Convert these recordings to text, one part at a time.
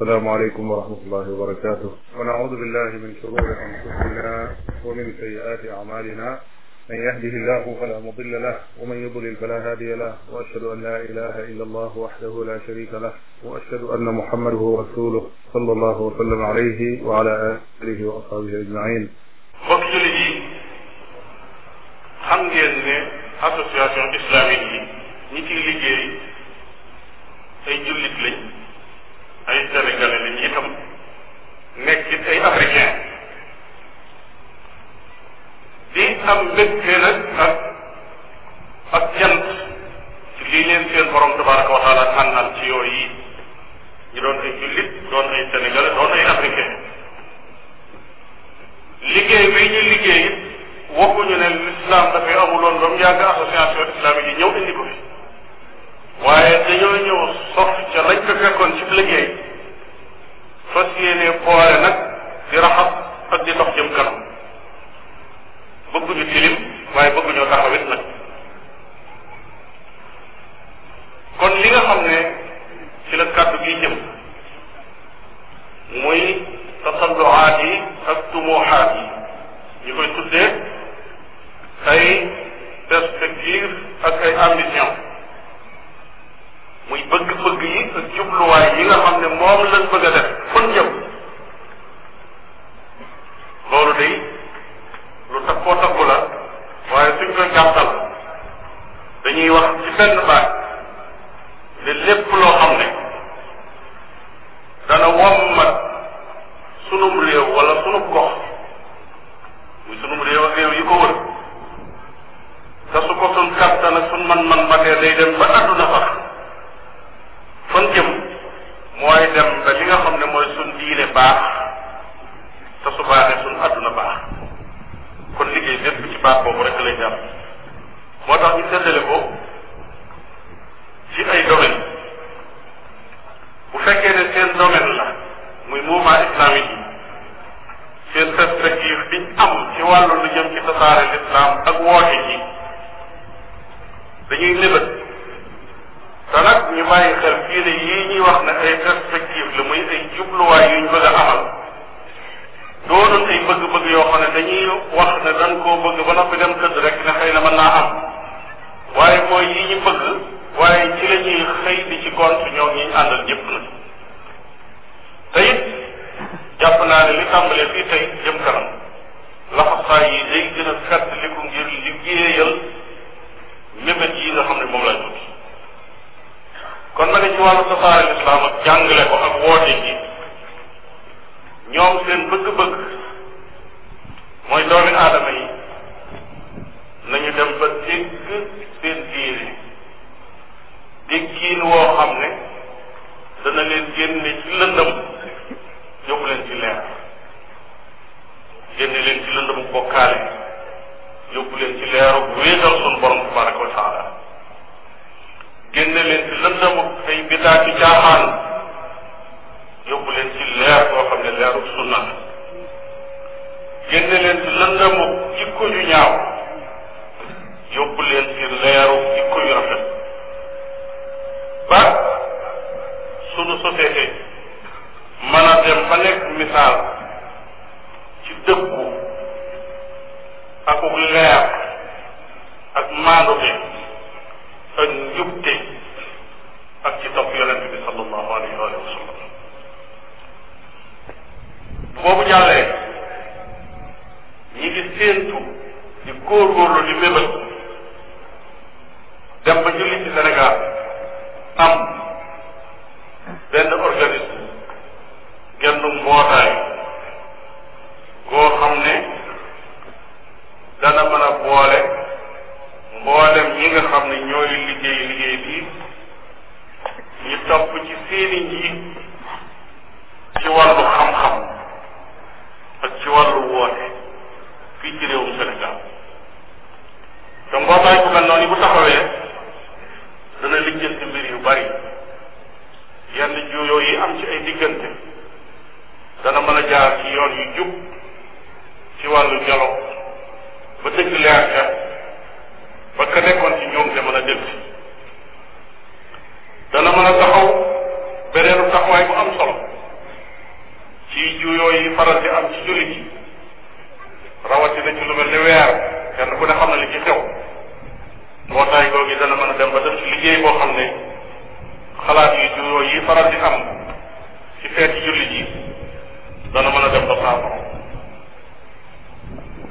asalaamaaleykum wa rahmatullahi wa barakaatu. wa naudu billahi min shururi anfusina wa min sayyiaati acmaalina man yahdihi llahu fala mudilla lah wa man yudlil fala haadiya lah wa ashhadu an la ilaha illa allah waxdahu la sharika lah wa ashhadu anna muhammadahu rasuluh sallallahu wa sallam alayhi wa ala alihi wa ashaabihi ajmain. mbokk jullit yi xam ngeen ne association islamique yi ñi ciy liggéey ay jullit lañ. ay sénégalais lañu itam nekk it ay africain di am mbégte nag ak ak jant ci lii leen seen borom tabaraka wa taala tànnal ci yooyu yi ñu doon ay jullit doon ay sénégalais doon ay africain liggéey bi ñu liggéey it waxuñu ne l'islam dafay amuloon ba mu yàgg association islamique yi ñëw indi ko fi waaye dañoo ñëw sof ca lañ ko fekkoon ci liggéey fas yéenee boole nag di raxas ak di dox jëm kanam bëgguñu tilim waaye bëgguñoo taxawit nag kon li nga xam ne ci la kàddu gi jëm muy tatalluwaat yi ak tumuxaat yi koy tuddee ay perspective ak ay ambition muy bëgg-bëgg yi ak jubluwaay yi nga xam ne moom lañ bëgg a def fën jëm loolu day lu takkoo takku la waaye suñ koy gàttal dañuy wax ci benn baat bàyyi xel fii ne ñuy wax na ay perspective la muy ay jubluwaay yuñ bëgg amal doonoon ay bëgg-bëgg yoo xam ne dañuy wax ne dañ koo bëgg ba noppi dem tëdd rek ne xëy na mën naa am waaye mooy yi ñu bëgg waaye ci la ñuy xëy di ci gont ñoo ñi àndal ñëpp na te jàpp naa ne li tàmbalee fii tey jëm kanam laxasaay yi day gën a fett li ko ngir liggéeyal mébét yi nga xam ne moom lañ tudd kon nag ci wàllu tasaare lislaam ak jàngale ko ak woote gi ñoom seen bëgg-bëgg mooy doomi aadama yi nañu dem ba dégg seen diine déggiin woo xam ne dana leen génne ci lëndëm yóbbu leen ci leer génne leen ci lëndëm bokkaale yóbbu leen ci leeru wéetal taati caaxaan yóbbu leen ci leer boo xam ne leeru génne leen ci lëndëmu jikko yu ñaaw yóbbu ci leeru jikko ba sunu société mën a dem ba nekk misaal ci dëkku akuk leer ak maandu bi boobu jàllee ñi ngi séentu di góorgóorlu di mébét dem ba ci Sénégal am benn organisme genn mbootaay goo xam ne dana mën a boole mboolem ñi nga xam ne ñooy liggéey liggéey bii ñu topp ci seeni njiit ci wàllu xam-xam wàllu woote fii ci réewum Sénégal te mbootaay bu noonu bu taxawee dana lijjanti mbir yu bari yenn juyoo yi am ci ay diggante dana mën a jaar ci yoon yu jub ci wàllu dialogue ba dëgg leer ba ka nekkoon ci ñoom te mën a dégg liggéey boo xam ne xalaat yu juróo yi faral di am ci feeti jullit yi dana mën a dem ba saafara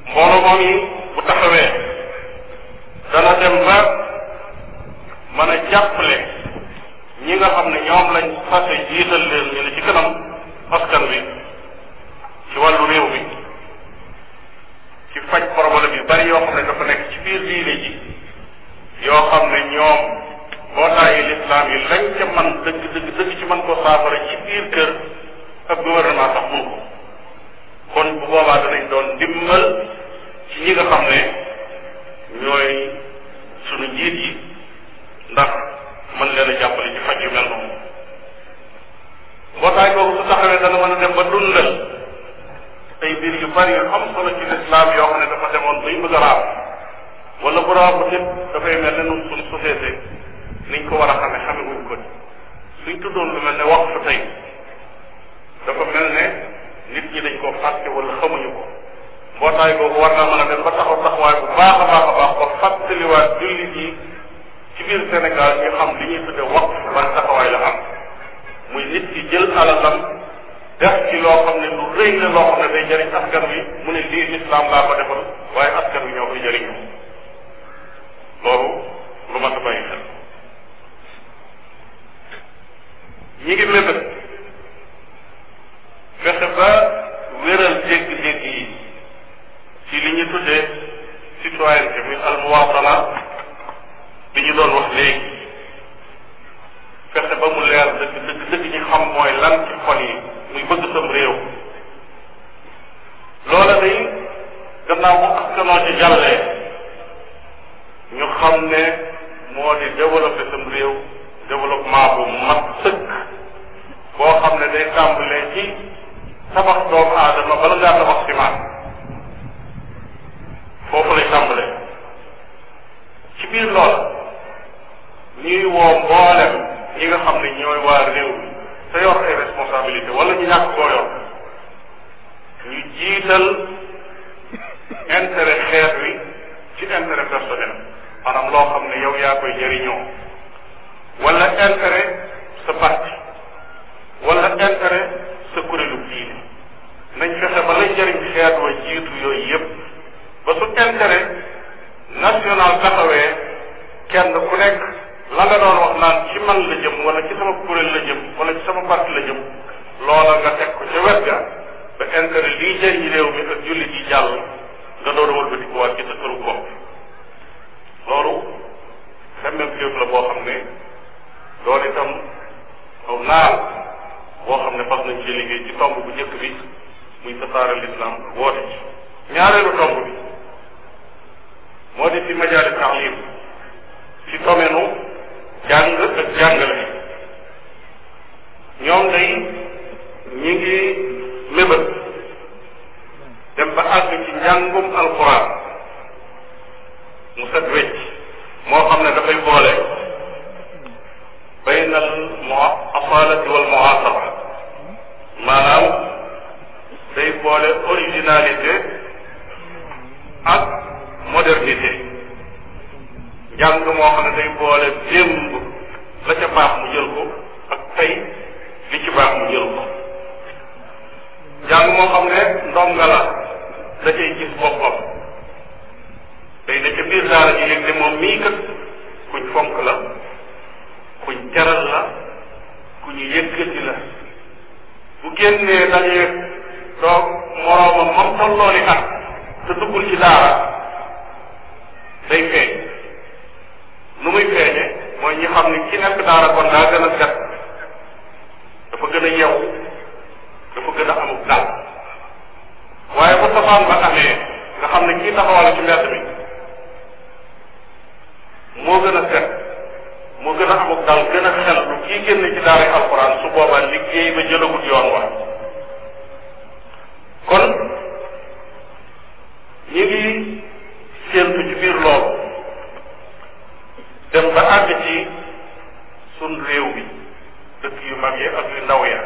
mbooloo moom yi bu taxawee dana dem ba mën a jàppale ñi nga xam ne ñoom lañ fase jiital leen ñu ne ci kanam askan bi ci wàllu réew mi ci faj problème yu bari yoo xam ne dafa nekk ci biir diine ji yoo xam ne ñoom mbootaayu lislaam yi lañ ca man dëgg dëgg dëgg ci mën ko saafara ci biir kër ak gouvernement sax mun kon bu boobaa danañ doon ndimbal ci ñi nga xam ne ñooy sunu njiit yi ndax mën leen a jàppale ci faj yu mel noonu mbootaay boobu su taxawee dana mën a dem ba dundal ay mbir yu bari yu am solo ci lislaam yoo xam ne dafa demoon bay bëgg a raaf wala bu raafu nit dafay mel ne nun suñ société niñ ko war a xame xame wuñ ko suñ tuddoon lu mel ne wax fa tey dafa mel ne nit ñi dañ koo fàtte wala xamuñu ko mbootaay boobu war na mën a dem ba taxaw taxawaay bu baax a baax a baax ba jullit yi ci biir Sénégal ñu xam li ñuy tudde waqf ban taxawaay la am muy nit ki jël alalam def ci loo xam ne lu rëy la loo xam ne day jëriñ askan wi mu ne lii lislaam laa ko defal waaye askan ñi ngi mébét fexe ba wéral jégg-jégg yi ci li ñu tuddee citoyenneté muy almuwaatala bi ñu doon wax léegi fexe ba mu leer dëgg dëgg dëgg xam mooy lan ci xol yi muy bëgg sam réew loola day gannaaw bu askanoo ci jàllee ñu xam ne moo di développé sam réew développement bu mat sëkk boo xam ne day tàmbalee ci tabax doomu aadama bala ngaa tabax simaan foofu lay tàmbalee ci biir loola ñuy woo mboolem ñi nga xam ne ñooy waa réew mi te ay responsabilité wala ñu ñàkk koo yor ñu jiital intérêt xeet wi ci intérêt personnel maanaam loo xam ne yow yaa koy jëriñoo wala intérêt sa parti wala intérêt sa kuréelu diine nañ fexe ba la njëriñ xeet wa jiitu yooyu yëpp ba su intérêt national taxawee kenn ku nekk la doon wax naan ci man la jëm wala ci sama kuréel la jëm wala ci sama parti la jëm loola nga teg ko ca wet ga ba intérêt liy jëriñ réew mi ak jullit yi jàll nga doon wëlbatikuwaat ci sa këru bopp loolu xemmem féef la boo xam ne doon itam aw naal boo ne fas nañ ci liggéey ci tomb bu njëkk bi muy tasaare lislaam woote ci ñaareelu tomb bi moo di fi majaali taalim ci domaine jàng ak jàngale ñoom day ñi ngi mébët dem ba àgg ci njàngum alquran mu set wecc moo xam ne dafay boole bayna al muasalati wal maanaam day boole originalité ak modernité njàng moo xam ne day boole démb la ca baax mu jël ko ak tey li ci baax mu jël ko njàng moo xam ne ndonga la da cay gis boppam day da ca biir daara ji yëg ne moom mii kat kuñ fonk la kuñ teral la ku ñu la bu génnee dajeeg donc moroomam mam tollooli at te duggul ci daara day feeñ nu muy feeñe mooy ñi xam ni ki nekk daara kon daa gën a set dafa gën a yew dafa gën a amuk dal waaye bu safaan ba xam ne kii taxawal ci mbedd mi moo gën a set mu gën a amuk dal gën a xel lu kii génn ci daaray alxuraan su boobaa liggéey ba jëlagut yoon wa kon ñu ngi séentu ci biir loolu dem ba àgg ci sun bi dëkk yu mag yi ak yu ndaw ya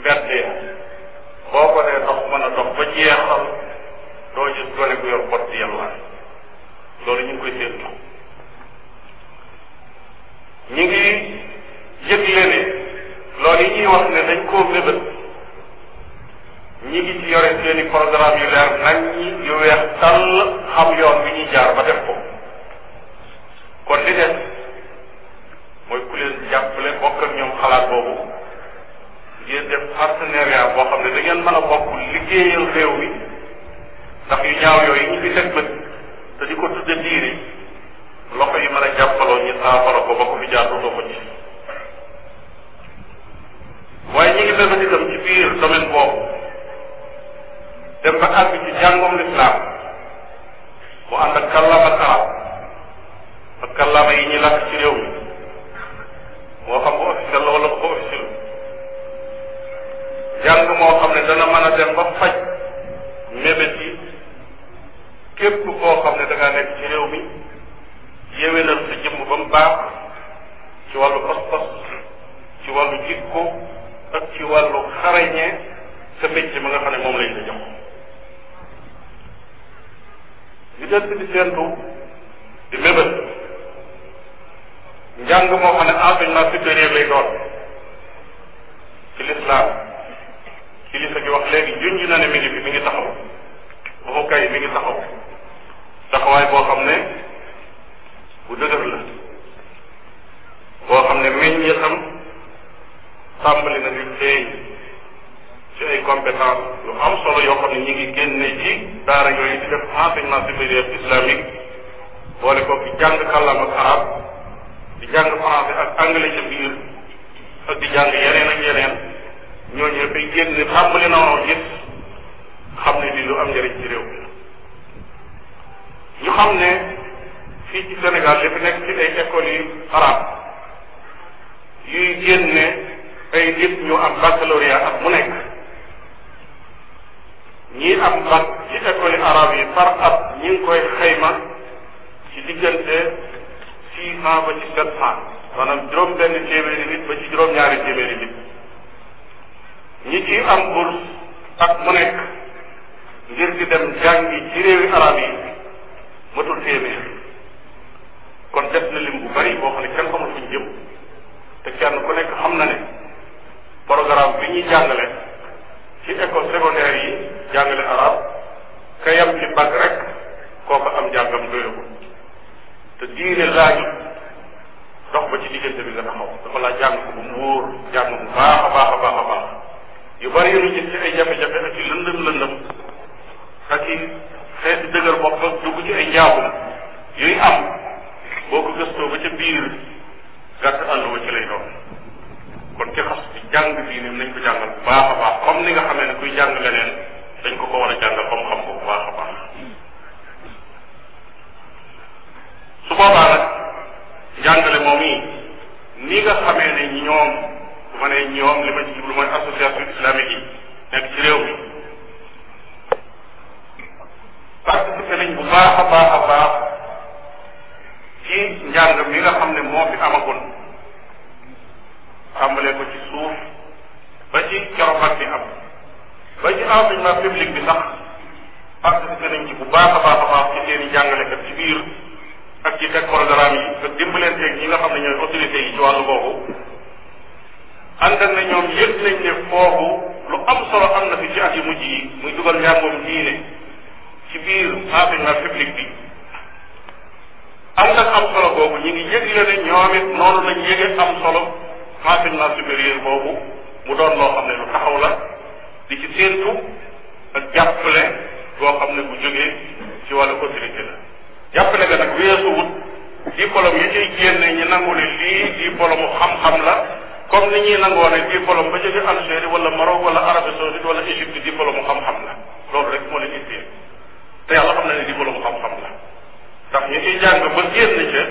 mbedd ya boo ko dee dox mën a dox ba jeexal doo gis gone gu yor bot di loolu ñu koy séentu ñu ngi yëgle ne loolu yi ñuy wax ne dañ koo mébét ñu ngi ci yore seeni programme yu leer nañ ñi yu weex tàll xam yoon bi ñuy jaar ba def ko kon li des mooy ku leen jàppale bokk ak ñoom xalaat boobu ngeen def partenariat boo xam ne dangeen ngeen mën a bokk liggéeyal réew mi ndax yu ñaaw yooyu ñu fi teg bët te di ko tudde diine ci lislaam kilifa gi wax léegi junj na ne mi ngi fi ngi taxaw waxu kay mi ngi taxaw taxawaay boo xam ne bu dëgër la boo xam ne meññeetam tàmbali na di feeñ ci ay compétence lu am solo yoo xam ne ñu ngi génne ci daara yooyu di def enseignement supérieur islamique boole ko di jàng kàllaama ak arab di jàng français ak anglais ca biir ak di jàng yeneen ak yeneen ñooñu yëpp ay génn ne tàmbali na woon gis xam ne li lu am njëriñ ci réew mi ñu xam ne fii Sénégal li fi nekk ci ay écoles yu arabe yuy génne ay nit ñu am baccalauréat ak mu nekk ñi am bac ci école yi arabe yi par at ñi ngi koy xayma ci diggante six cent ba ci sept cent maanaam juróom benn téeméeri nit ba ci juróom ñaari téeméeri nit ñi ci am bourse ak mu nekk ngir di dem jàngi ci réewi arab yi matul téeméer kon def na lim bu bari boo xam ne kenn xamul fuñ jëm te kenn ku nekk xam na ne programme bi ñuy jàngale ci école secondaire yi jàngale arab ka yam ci bac rek kooka am jàngam doyagul te diine laajut dox ba ci diggante bi nga taxaw dafa laa jàng bu mu wóor jàng bu baax a baax a baax baax yu bari yu ñu gis ci ay jafe-jafe ak ci lëndëm lëndëm ak ci xeetu dëgër bopp ak ci wàllu boobu ànd na ñoom yëg nañ ne foofu lu am solo am na fi ci at yu mujj yi muy dugal njàngoom diine ci biir enseignement public bi ànd am solo boobu ñu ngi yëgle ne ñoom it noonu lañ yëge am solo enseignement supérieur boobu mu doon loo xam ne lu taxaw la di ci séentu ak jàppale boo xam ne bu jógee ci wàllu autorité la jàppale ga nag weesu wut diplôme yi ciy génne ñu nangu ne lii diplôme xam-xam la comme ni ñuy nangoo ne diplôme ba jóge Algérie wala Maroc wala Arabie Saoudite wala Égypte diplôme xam-xam la loolu rek moo leen itteel te yàlla xam na ne diplôme xam-xam la ndax ñu ciy jàng ba génn ca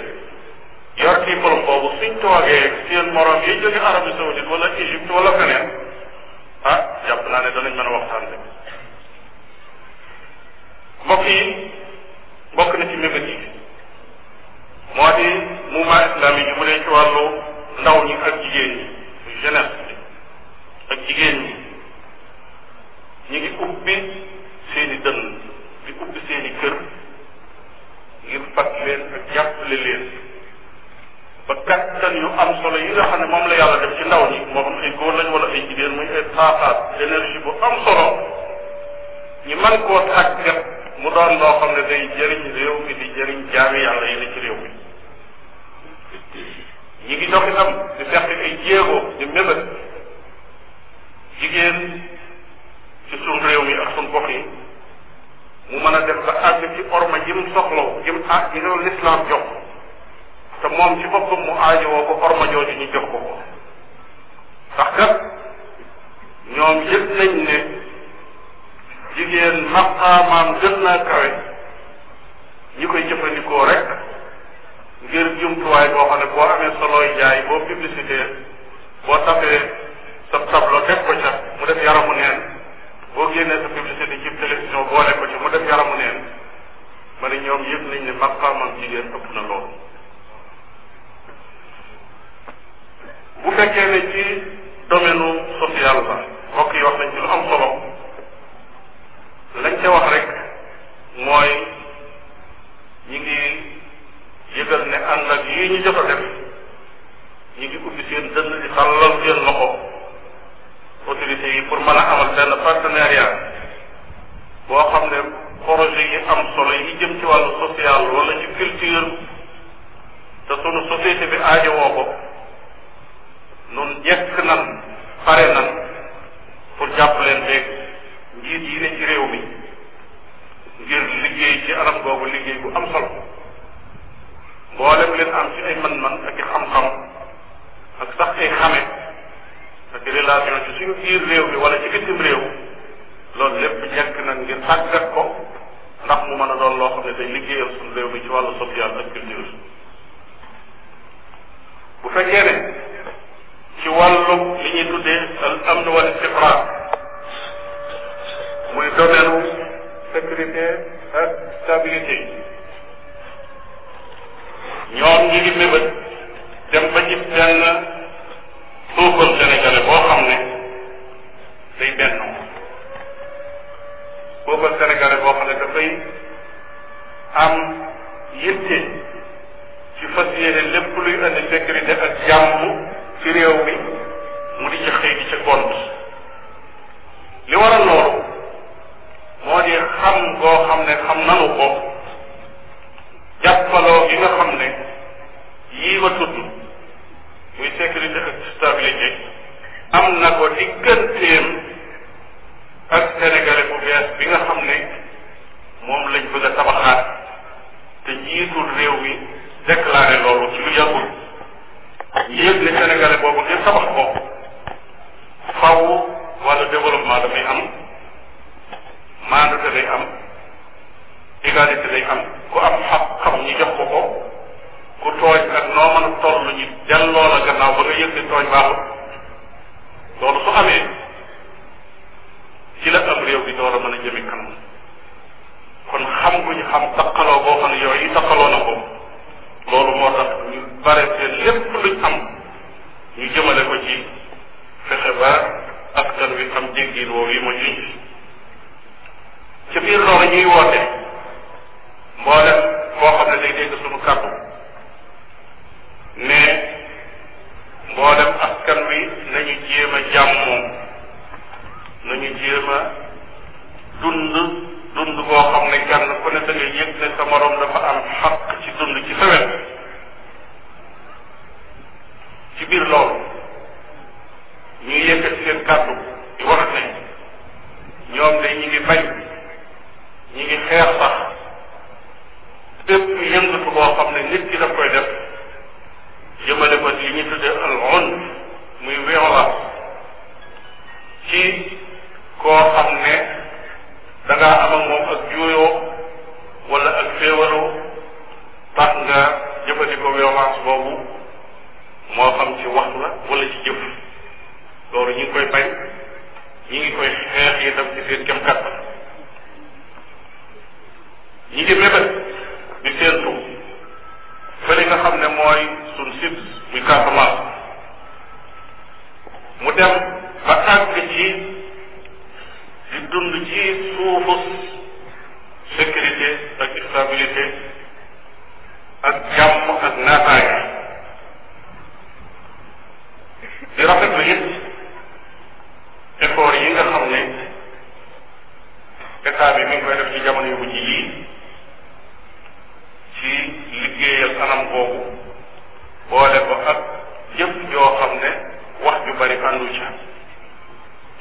yor diplôme boobu suñ toogee seen morom yi jóge Arabie Saoudite wala Égypte wala feneen def ba àgg ci orma ji mu soxlaw ji mu ah lislaam jox te moom ci boppam mu aajowoo ko orma jooju ñu jox ko ko ndax kat ñoom yëg nañ ne jigéen maqaamaam gën naa kawe ñi koy jëfandikoo rek ngir jumtuwaay boo xam ne boo amee solooy jaay boo publicité boo tafee sa tableau teg ko ca mu def yaramu neen boo génnee sa publicité ci télévision boole ko ci mu def yaramu neen ma ne ñoom yëpp nañ ne maqaamam jigéen ëpp na loolu bu fekkee ne ci domaine social ba mbokk yi wax nañ ci lu am solo lañ ca wax rek mooy ñi ngi yëgal ne ànd ak yii ñu jot a def ñu ngi ubbi seen dënn di tàllal am benn partenariat boo xam ne projet yi am solo yi jëm ci wàllu social wala ci culture te sunu société bi aajowoo ko nun jekk nan pare nan pour jàpp leen beeg njiit yi ne ci réew mi ngir liggéey ci anam boobu liggéey bu am solo mboolem leen am ci ay man-man ak i xam-xam ak sax ay xame di relation ci suñu biir réew mi wala ci bitim réew loolu lépp jekk na ngir tàggat ko ndax mu mën a doon loo xam ne day liggéeyal suñu réew mi ci wàllu social ak bu fekkee ne ci wàllu li ñuy tuddee al muy domaine sécurité ak stabilité ñoom ñi mébét dem ba ci benn sénégalais boo xam ne dafay am yitte ci fas yéene lépp luy indi sécurité ak jàmm ci réew mi mu di ci ci gont li waral loolu moo di xam goo xam ne xam nanu ko jàppaloo gi nga xam ne yii ma tudd muy sécurité ak stabilité am na ko digganteem sàkku violence boobu moo xam ci wax la wala ci jëf loolu ñu ngi koy bañ ñu ngi koy xeex itam ci seen kem kàttan ñi ngi mébét di séentu fële nga xam ne mooy suñ sit muy Casamance mu dem ba àgg ci di dund ci suufu sécurité ak stabilité ak jàmm ak naataange di rafetlu it effort yi nga xam ne état bi mi ngi koy def ci jamono yu mujj yii ci liggéeyal anam boobu boole ko ak jëf joo xam ne wax ju bari àndu ca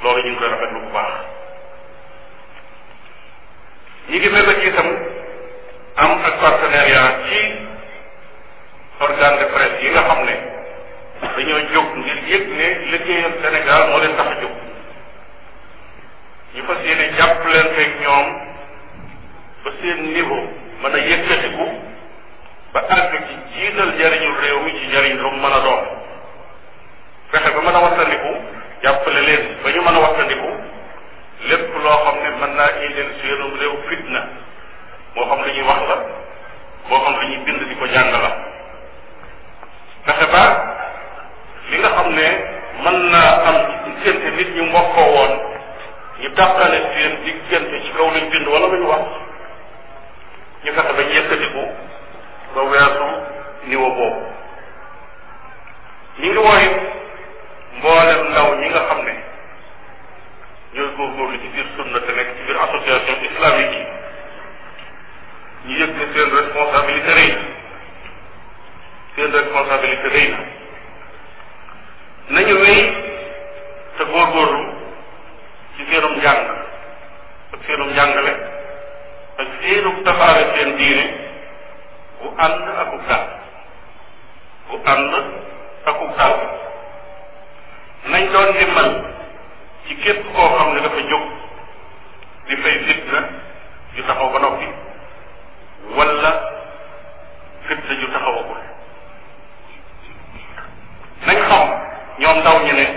loolu koy rafetlu bu baax ñi ngi mébét itam am ak partenariat ci organe de presse yi nga xam ne dañoo jóg ngir yëg ne liggéeyal Sénégal moo leen tax a jóg ñu fas yéene jàpp leen feeg ñoom ba seen niveau mën a yëkkatiku ba àgg ci jiital jariñu réew mi ci jariñ lu mën a doon fexe ba mën a wattandiku jàppale leen ba ñu mën a wattandiku lépp loo xam ne mën naa indil seenum réew fitna moo xam lu wax la moo xam lu bind di ko jàng la fexe ba li nga xam ne mën naa am ci diggante nit ñu mbokkoo woon ñu tàqale seen diggante ndaw ñi ne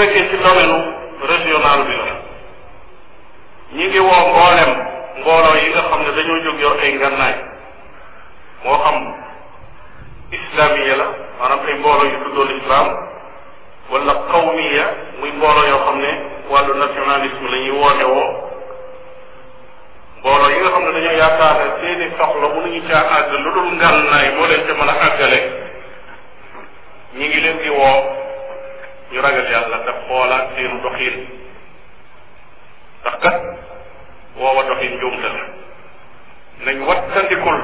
fekkee ci domaine régional bi la ñi ngi woo mboolem mbooloo yi nga xam ne dañoo jóg yor ay ngannaay moo xam islamiya la maanaam ay mbooloo yu tuddoon islam wala qawmiya muy mbooloo yoo xam ne wàllu nationalisme la ñuy woo mbooloo yi nga xam ne dañoo yaakaar ne seeni soxla mënuñu caa àgg lu dul ngannaay moo leen ca a àggale ñi ngi leen di woo ñu ragal yàlla te xoolaat seenu doxiin ndax kat woowa doxiin njuumte la nañ wattandikul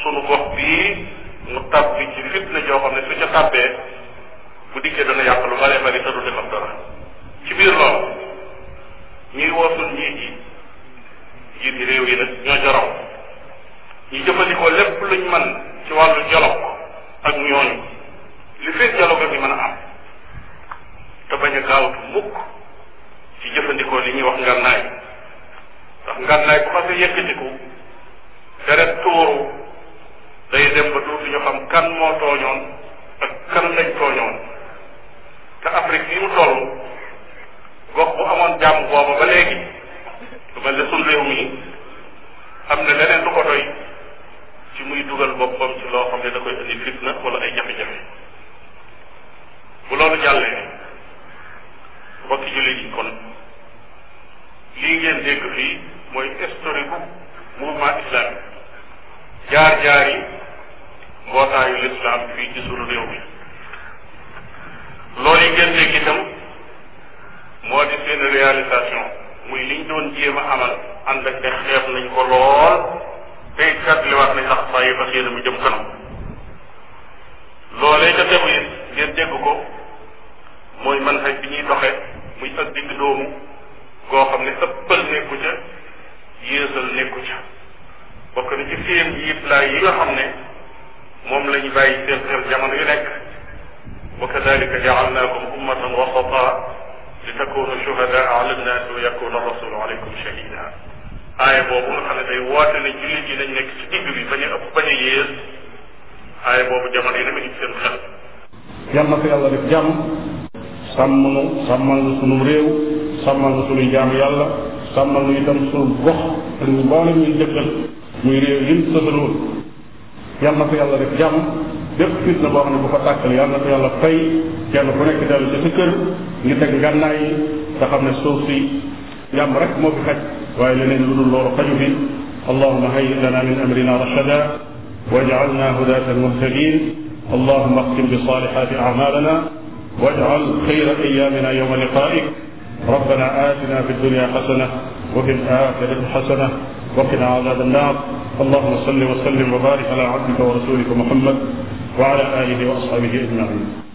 sunu gox bii mu tàbbi ci fitna joo xam ne su ca tàbbee bu dikkee dana yàq lu bare bari te du defar dara jaar-jaar yi waaye boobu jamono yi nag ñu ngi yàlla def jàmm sàmm nu sàmmal nu sunum réew sàmmal nu sunuy jaamu yàlla sàmmal nu itam sunu gox ak ñu mboole ñuy jëkkal muy réew yi sësaloon yal na ko yàlla def jàmm bépp fitna boo xam ne bu fa tàkkal yal na ko yàlla fay kenn ku nekk dellu ci sa kër ngi teg ngànnaay yi nga xam ne suuf si jàmm rek moo fi xaj waaye leneen lu dul loolu min amrina rachada واجعلنا هداة مهتدين اللهم اختم بالصالحات أعمالنا واجعل خير أيامنا يوم لقائك ربنا آتنا في الدنيا حسنة وفي الآخرة حسنة وقنا عذاب النار اللهم صل وسلم وبارك على عبدك ورسولك محمد وعلى آله وأصحابه أجمعين